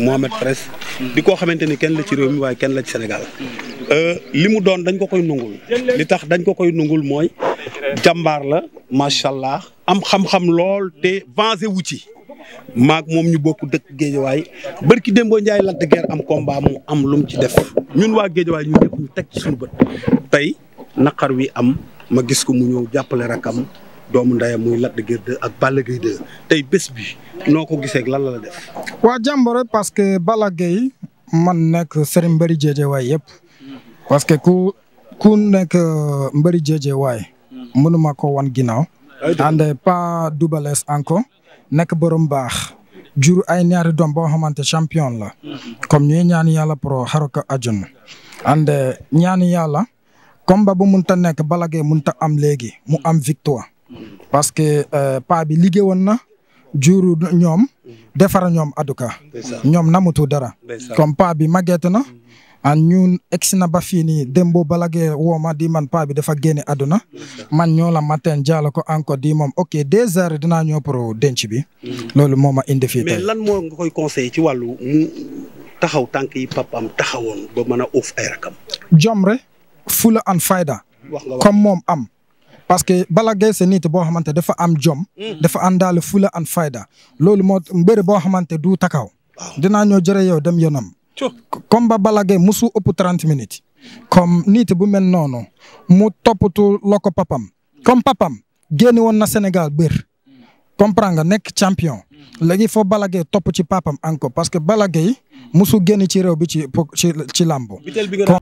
Mohamed Press di koo xamante ni kenn la ci réew mi waaye kenn la ci Sénégal euh, li mu doon dañ ko koy nungul li tax dañ ko koy nungul mooy jàmbaar la macha allah am xam-xam lool te vengé wu ci maak moom ñu bokk dëkk géejawaay bërki démboo njaay Lac de Guiers am combat mu am lu mu ci def ñun waa géejawaay ñu ñëpp ñu teg ci suñu bët tey naqar wi am ma gis ko mu ñëw jàppale rakam doomu ndeyam muy Lac de Guiers ak Balla Gaye 2 tey bés bi noo ko gisee lan la la def waa jàmbore parce que Balla man nekk sëriñ mbëri Géejawaay yëpp parce que ku ku nekk euh, mbëri Géejawaay hmm. mënuma ko wan ginnaaw and pas dubales encore nekk borom baax jur ay ñaari doom boo xamante champion la hmm. comme ñuy ñaan yàlla pro xaruka ajun and ñaan yàlla combat bu munta nekk Balla Gaye munta am léegi mu am victoire hmm. parce que euh, pa bi liggéey woon na juru ñoom defara ñoom aduka ñoom namutu dara comme paa bi màgget na mm-hmm. an ñun egsi na ba fii nii démbo balagee wooma di man paa bi dafa génne aduna man ñoo la matin jaala ko encore di moom ok deux heures dinaa ñëw pour denc bi mm-hmm. loolu moom ma indi fii tey mais lan moo nga koy conseillé ci wàllu taxaw tànk yi papaam taxawoon ba mën a uuf fula an fayda comme moom am parce que Balla Gaye sa nit boo xamante dafa am jom. Mm. dafa àndaale fula an fayda. loolu moo mbëri boo xamante du takaw. dinaa ñoo jëre yow dem yoonam. comme ba Balla Gaye musu ëpp trent minutes. comme nit bu mel noonu mu toppatu loo ko papam. comme papam génn woon na Sénégal bër nekk champion. Mm. lagi foo Balla Gaye topp ci papam encore parce que Balla Gaye musu génn ci réew bi ci ci ci làmb.